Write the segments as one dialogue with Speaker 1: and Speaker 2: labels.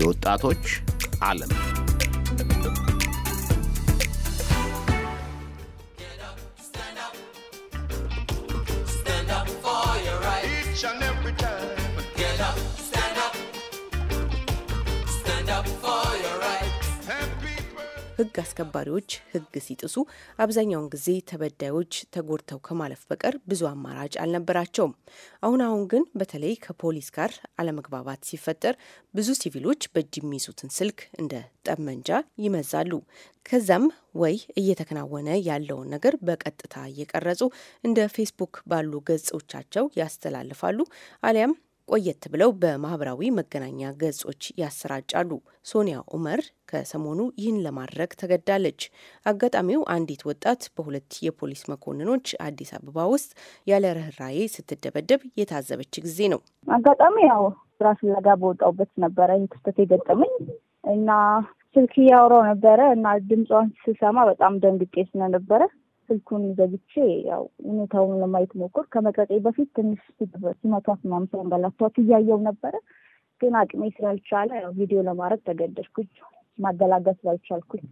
Speaker 1: የወጣቶች ዓለም Shall never return. ህግ አስከባሪዎች ህግ ሲጥሱ አብዛኛውን ጊዜ ተበዳዮች ተጎድተው ከማለፍ በቀር ብዙ አማራጭ አልነበራቸውም። አሁን አሁን ግን በተለይ ከፖሊስ ጋር አለመግባባት ሲፈጠር ብዙ ሲቪሎች በእጅ የሚይዙትን ስልክ እንደ ጠመንጃ ይመዛሉ። ከዛም ወይ እየተከናወነ ያለውን ነገር በቀጥታ እየቀረጹ እንደ ፌስቡክ ባሉ ገጾቻቸው ያስተላልፋሉ አሊያም ቆየት ብለው በማህበራዊ መገናኛ ገጾች ያሰራጫሉ። ሶኒያ ኡመር ከሰሞኑ ይህን ለማድረግ ተገዳለች። አጋጣሚው አንዲት ወጣት በሁለት የፖሊስ መኮንኖች አዲስ አበባ ውስጥ ያለ ርኅራዬ ስትደበደብ የታዘበች ጊዜ ነው።
Speaker 2: አጋጣሚ ያው ስራ ፍለጋ በወጣውበት ነበረ ይህ ክስተት የገጠመኝ እና ስልክ እያወራው ነበረ እና ድምጿን ስሰማ በጣም ደንግጤ ስለነበረ ስልኩን ዘግቼ ያው ሁኔታውን ለማየት ሞክር። ከመቅረጤ በፊት ትንሽ ሲመቷት ማምሰን በላቷት እያየው ነበረ። ግን አቅሜ ስላልቻለ ቪዲዮ ለማድረግ ተገደድኩኝ። ማገላገል ስላልቻልኩኝ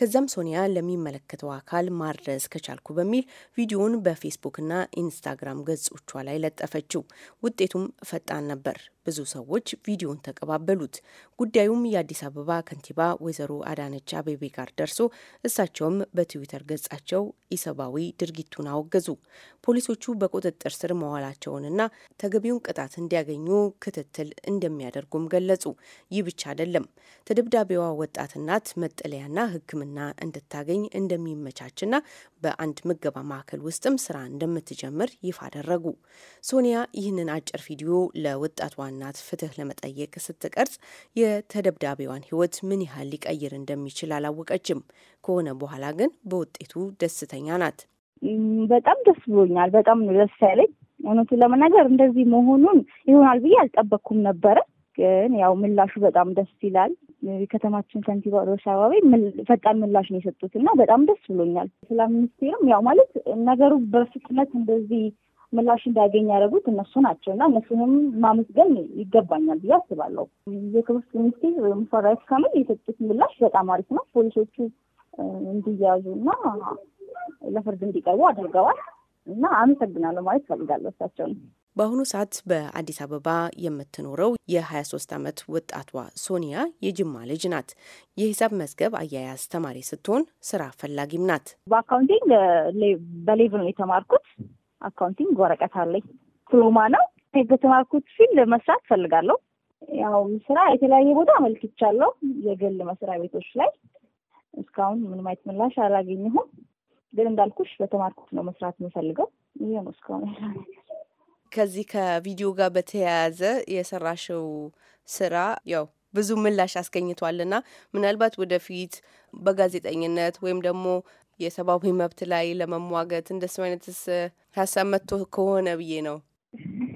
Speaker 1: ከዚያም ሶኒያ ለሚመለከተው አካል ማድረስ ከቻልኩ በሚል ቪዲዮውን በፌስቡክና ኢንስታግራም ገጾቿ ላይ ለጠፈችው። ውጤቱም ፈጣን ነበር። ብዙ ሰዎች ቪዲዮን ተቀባበሉት። ጉዳዩም የአዲስ አበባ ከንቲባ ወይዘሮ አዳነች አቤቤ ጋር ደርሶ እሳቸውም በትዊተር ገጻቸው ኢሰብአዊ ድርጊቱን አወገዙ። ፖሊሶቹ በቁጥጥር ስር መዋላቸውንና ተገቢውን ቅጣት እንዲያገኙ ክትትል እንደሚያደርጉም ገለጹ። ይህ ብቻ አይደለም። ተደብዳቤዋ ወጣት እናት መጠለያና ሕክምና እንድታገኝ እንደሚመቻችና በአንድ ምገባ ማዕከል ውስጥም ስራ እንደምትጀምር ይፋ አደረጉ። ሶኒያ ይህንን አጭር ቪዲዮ ለወጣቷ እናት ፍትህ ለመጠየቅ ስትቀርጽ የተደብዳቢዋን ህይወት ምን ያህል ሊቀይር እንደሚችል አላወቀችም። ከሆነ በኋላ ግን በውጤቱ ደስተኛ ናት።
Speaker 2: በጣም ደስ ብሎኛል። በጣም ደስ ያለኝ። እውነቱን ለመናገር እንደዚህ መሆኑን ይሆናል ብዬ አልጠበቅኩም ነበረ ግን ያው ምላሹ በጣም ደስ ይላል። የከተማችን ከንቲባ ሮሳ አበቤ ፈጣን ምላሽ ነው የሰጡት እና በጣም ደስ ብሎኛል። ሰላም ሚኒስቴርም ያው ማለት ነገሩ በፍጥነት እንደዚህ ምላሽ እንዳያገኝ ያደረጉት እነሱ ናቸው እና እነሱንም ማመስገን ይገባኛል ብዬ አስባለሁ። የክብርት ሚኒስቴር ሙፈሪያት ካሚል የሰጡት ምላሽ በጣም አሪፍ ነው። ፖሊሶቹ እንዲያዙ እና ለፍርድ እንዲቀርቡ አድርገዋል እና አመሰግናለሁ ማለት እፈልጋለሁ እሳቸውን
Speaker 1: በአሁኑ ሰዓት በአዲስ አበባ የምትኖረው የ23 ዓመት ወጣቷ ሶኒያ የጅማ ልጅ ናት። የሂሳብ መዝገብ አያያዝ ተማሪ ስትሆን ስራ ፈላጊም ናት። በአካውንቲንግ
Speaker 2: በሌቭል ነው የተማርኩት። አካውንቲንግ ወረቀት አለኝ፣ ፕሮማ ነው በተማርኩት ፊልድ መስራት ፈልጋለሁ። ያው ስራ የተለያየ ቦታ አመልክቻለሁ፣ የግል መስሪያ ቤቶች ላይ እስካሁን ምንም አይነት ምላሽ አላገኘሁም። ግን እንዳልኩሽ በተማርኩት ነው መስራት የምፈልገው። ይሄ ነው እስካሁን
Speaker 1: ከዚህ ከቪዲዮ ጋር በተያያዘ የሰራሽው ስራ ያው ብዙ ምላሽ አስገኝቷልና ምናልባት ወደፊት በጋዜጠኝነት ወይም ደግሞ የሰብአዊ መብት ላይ ለመሟገት እንደሱ አይነትስ ሀሳብ መጥቶ ከሆነ ብዬ ነው።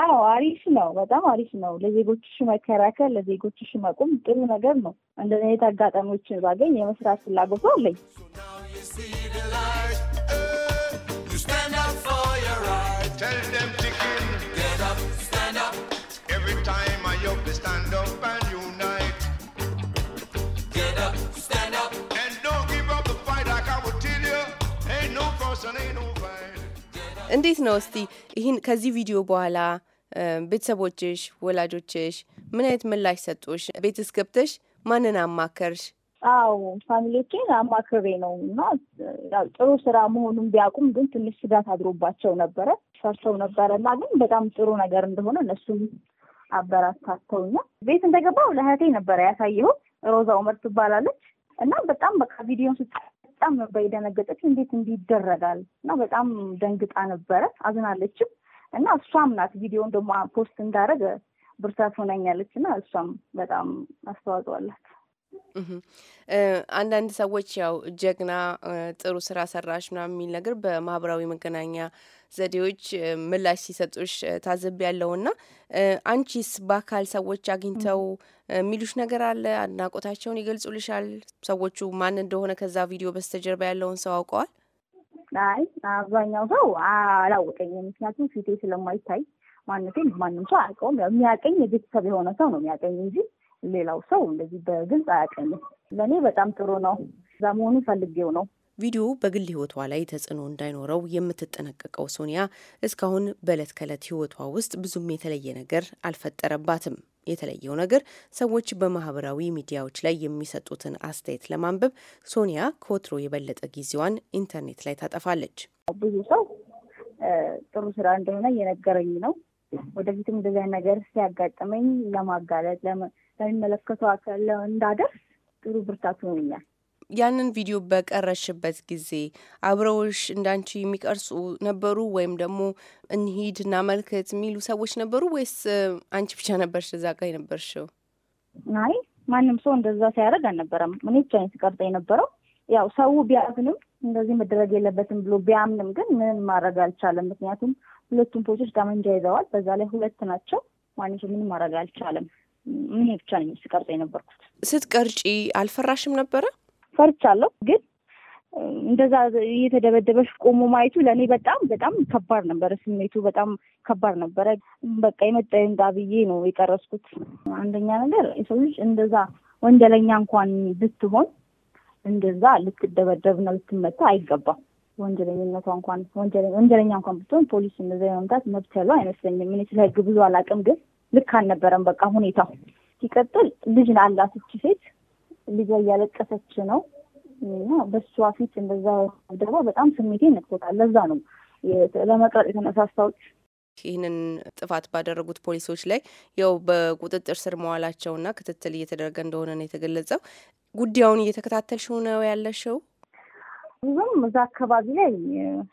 Speaker 2: አዎ አሪፍ ነው፣ በጣም አሪፍ ነው። ለዜጎችሽ መከራከል፣ ለዜጎችሽ መቆም ጥሩ ነገር ነው። እንደዚህ አይነት አጋጣሚዎችን ባገኝ የመስራት ፍላጎቱ አለኝ። Tell
Speaker 1: them chicken, get up, stand up. Every time I up, they stand up and unite. Get up, stand up. And don't give up the fight like I would tell you. Ain't no fuss and ain't no fight. እንዴት ነው እስቲ ይህን ከዚህ ቪዲዮ በኋላ ቤተሰቦችሽ፣ ወላጆችሽ ምን አይነት ምላሽ ሰጡሽ? ቤትስ ገብተሽ ማንን አማከርሽ?
Speaker 2: አዎ ፋሚሊዎቼን አማክሬ ነው እና ጥሩ ስራ መሆኑን ቢያውቁም ግን ትንሽ ስጋት አድሮባቸው ነበረ። ሰርተው ነበረ እና ግን በጣም ጥሩ ነገር እንደሆነ እነሱም አበራታተውኛል። ቤት እንደገባው ለእህቴ ነበረ ያሳየው ሮዛ ኡመር ትባላለች እና በጣም በቃ ቪዲዮን በጣም ነበር የደነገጠች። እንዴት እንዲህ ይደረጋል እና በጣም ደንግጣ ነበረ፣ አዝናለችም እና እሷም ናት ቪዲዮን ደግሞ ፖስት እንዳደረገ ብርታት ሆነኛለች። እና እሷም በጣም አስተዋጽኦ አላት።
Speaker 1: አንዳንድ ሰዎች ያው ጀግና ጥሩ ስራ ሰራሽ ምናምን የሚል ነገር በማህበራዊ መገናኛ ዘዴዎች ምላሽ ሲሰጡሽ ታዘብ ና አንቺስ በአካል ሰዎች አግኝተው የሚሉሽ ነገር አለ? አድናቆታቸውን ይገልጹልሻል? ሰዎቹ ማን እንደሆነ ከዛ ቪዲዮ በስተጀርባ ያለውን ሰው አውቀዋል?
Speaker 2: አይ አብዛኛው ሰው አላወቀኝም፣ ምክንያቱም ፊቴ ስለማይታይ ማንነቴን ማንም ሰው አያውቀውም። የሚያውቀኝ የቤተሰብ የሆነ ሰው ነው የሚያውቀኝ እንጂ ሌላው ሰው እንደዚህ በግልጽ አያውቀኝም። ለእኔ በጣም ጥሩ ነው። እዛ መሆኑ ፈልጌው ነው።
Speaker 1: ቪዲዮ በግል ህይወቷ ላይ ተጽዕኖ እንዳይኖረው የምትጠነቀቀው ሶኒያ እስካሁን በዕለት ከዕለት ህይወቷ ውስጥ ብዙም የተለየ ነገር አልፈጠረባትም። የተለየው ነገር ሰዎች በማህበራዊ ሚዲያዎች ላይ የሚሰጡትን አስተያየት ለማንበብ ሶኒያ ከወትሮ የበለጠ ጊዜዋን ኢንተርኔት ላይ ታጠፋለች።
Speaker 2: ብዙ ሰው ጥሩ ስራ እንደሆነ እየነገረኝ ነው። ወደፊትም እንደዚያ ነገር ሲያጋጥመኝ ለማጋለጥ ለሚመለከቱ አካል እንዳደርስ ጥሩ ብርታት ሆኖኛል።
Speaker 1: ያንን ቪዲዮ በቀረሽበት ጊዜ አብረውሽ እንዳንቺ የሚቀርጹ ነበሩ ወይም ደግሞ እንሂድ እናመልክት የሚሉ ሰዎች ነበሩ ወይስ አንቺ ብቻ ነበርሽ እዛ ጋ የነበርሽው?
Speaker 2: አይ ማንም ሰው እንደዛ ሲያደርግ አልነበረም። እኔ ብቻዬን ነበረው? የነበረው ያው ሰው ቢያዝንም እንደዚህ መደረግ የለበትም ብሎ ቢያምንም ግን ምንም ማድረግ አልቻለም። ምክንያቱም ሁለቱም ፖሊሶች ጠመንጃ ይዘዋል። በዛ ላይ ሁለት ናቸው። ማንም ምንም ማድረግ አልቻለም። እኔ ብቻ ነኝ ስቀርጸ የነበርኩት። ስትቀርጪ አልፈራሽም ነበረ? ፈርቻለሁ። ግን እንደዛ እየተደበደበች ቆሞ ማየቱ ለእኔ በጣም በጣም ከባድ ነበረ። ስሜቱ በጣም ከባድ ነበረ። በቃ የመጣ ይምጣ ብዬ ነው የቀረስኩት። አንደኛ ነገር የሰው ልጅ እንደዛ ወንጀለኛ እንኳን ብትሆን እንደዛ ልትደበደብና ልትመታ አይገባም። ወንጀለኝነቷ እንኳን ወንጀለኛ እንኳን ብትሆን ፖሊስ እንደዛ የመምታት መብት ያለው አይመስለኝም። እኔ ስለ ህግ ብዙ አላውቅም፣ ግን ልክ አልነበረም በቃ ሁኔታው። ሲቀጥል ልጅ አላት እቺ ሴት ልጇ እያለቀሰች ነው እና በሷ ፊት እንደዛ ደግሞ በጣም ስሜቴ ነክቶታል። ለዛ ነው ለመቅረጥ የተነሳሳዎች
Speaker 1: ይህንን ጥፋት ባደረጉት ፖሊሶች ላይ ያው በቁጥጥር ስር መዋላቸውና ክትትል እየተደረገ እንደሆነ ነው የተገለጸው። ጉዳዩን እየተከታተልሽው ነው ያለሽው?
Speaker 2: ብዙም እዛ አካባቢ ላይ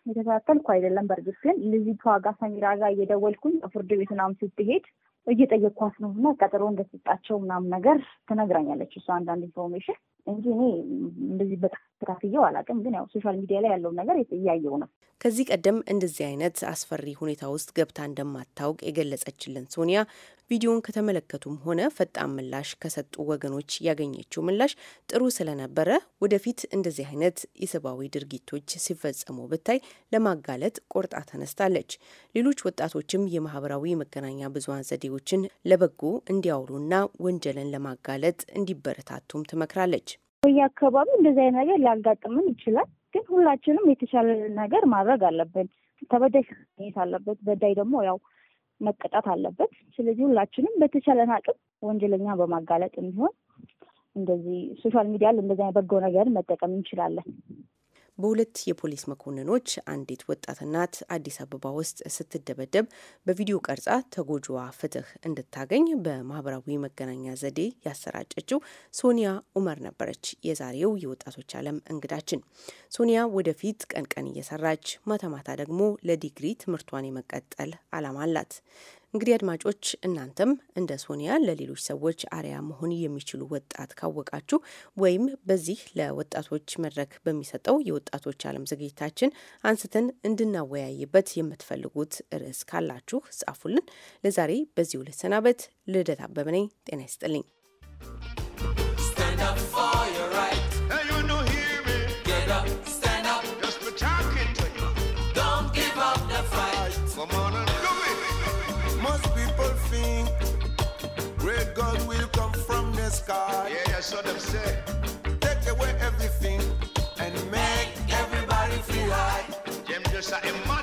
Speaker 2: የተከታተልኩ አይደለም። በእርግጥ ግን ልጅቷ ጋር ሰሚራ ጋር እየደወልኩኝ ፍርድ ቤት ምናምን ስትሄድ እየጠየኳት ነው እና ቀጠሮ እንደሰጣቸው ምናምን ነገር ትነግራኛለች እሷ አንዳንድ ኢንፎርሜሽን እንጂ እኔ እንደዚህ በተከታትየው አላውቅም። ግን ያው ሶሻል ሚዲያ ላይ ያለውን ነገር እያየው ነው።
Speaker 1: ከዚህ ቀደም እንደዚህ አይነት አስፈሪ ሁኔታ ውስጥ ገብታ እንደማታውቅ የገለጸችልን ሶኒያ ቪዲዮን ከተመለከቱም ሆነ ፈጣን ምላሽ ከሰጡ ወገኖች ያገኘችው ምላሽ ጥሩ ስለነበረ ወደፊት እንደዚህ አይነት የሰብአዊ ድርጊቶች ሲፈጸሙ ብታይ ለማጋለጥ ቆርጣ ተነስታለች። ሌሎች ወጣቶችም የማህበራዊ መገናኛ ብዙሀን ዘዴዎችን ለበጎ እንዲያውሉና ወንጀልን ለማጋለጥ እንዲበረታቱም ትመክራለች።
Speaker 2: በየአካባቢው እንደዚህ አይነት ነገር ሊያጋጥምን ይችላል። ግን ሁላችንም የተቻለን ነገር ማድረግ አለብን። ተበዳይ ማግኘት አለበት። በዳይ ደግሞ ያው መቀጣት አለበት። ስለዚህ ሁላችንም በተቻለን አቅም ወንጀለኛ በማጋለጥ የሚሆን እንደዚህ ሶሻል ሚዲያ እንደዚህ በጎ ነገር መጠቀም እንችላለን።
Speaker 1: በሁለት የፖሊስ መኮንኖች አንዲት ወጣት እናት አዲስ አበባ ውስጥ ስትደበደብ በቪዲዮ ቀርጻ ተጎጂዋ ፍትህ እንድታገኝ በማህበራዊ መገናኛ ዘዴ ያሰራጨችው ሶኒያ ኡመር ነበረች የዛሬው የወጣቶች ዓለም እንግዳችን። ሶኒያ ወደፊት ቀን ቀን እየሰራች ማታ ማታ ደግሞ ለዲግሪ ትምህርቷን የመቀጠል አላማ አላት። እንግዲህ አድማጮች እናንተም እንደ ሶኒያ ለሌሎች ሰዎች አርያ መሆን የሚችሉ ወጣት ካወቃችሁ ወይም በዚህ ለወጣቶች መድረክ በሚሰጠው የወጣቶች ዓለም ዝግጅታችን አንስተን እንድናወያይበት የምትፈልጉት ርዕስ ካላችሁ ጻፉልን። ለዛሬ በዚሁ ልሰናበት። ልደት አበበ ነኝ። ጤና ይስጥልኝ። take away everything and make everybody feel high. just a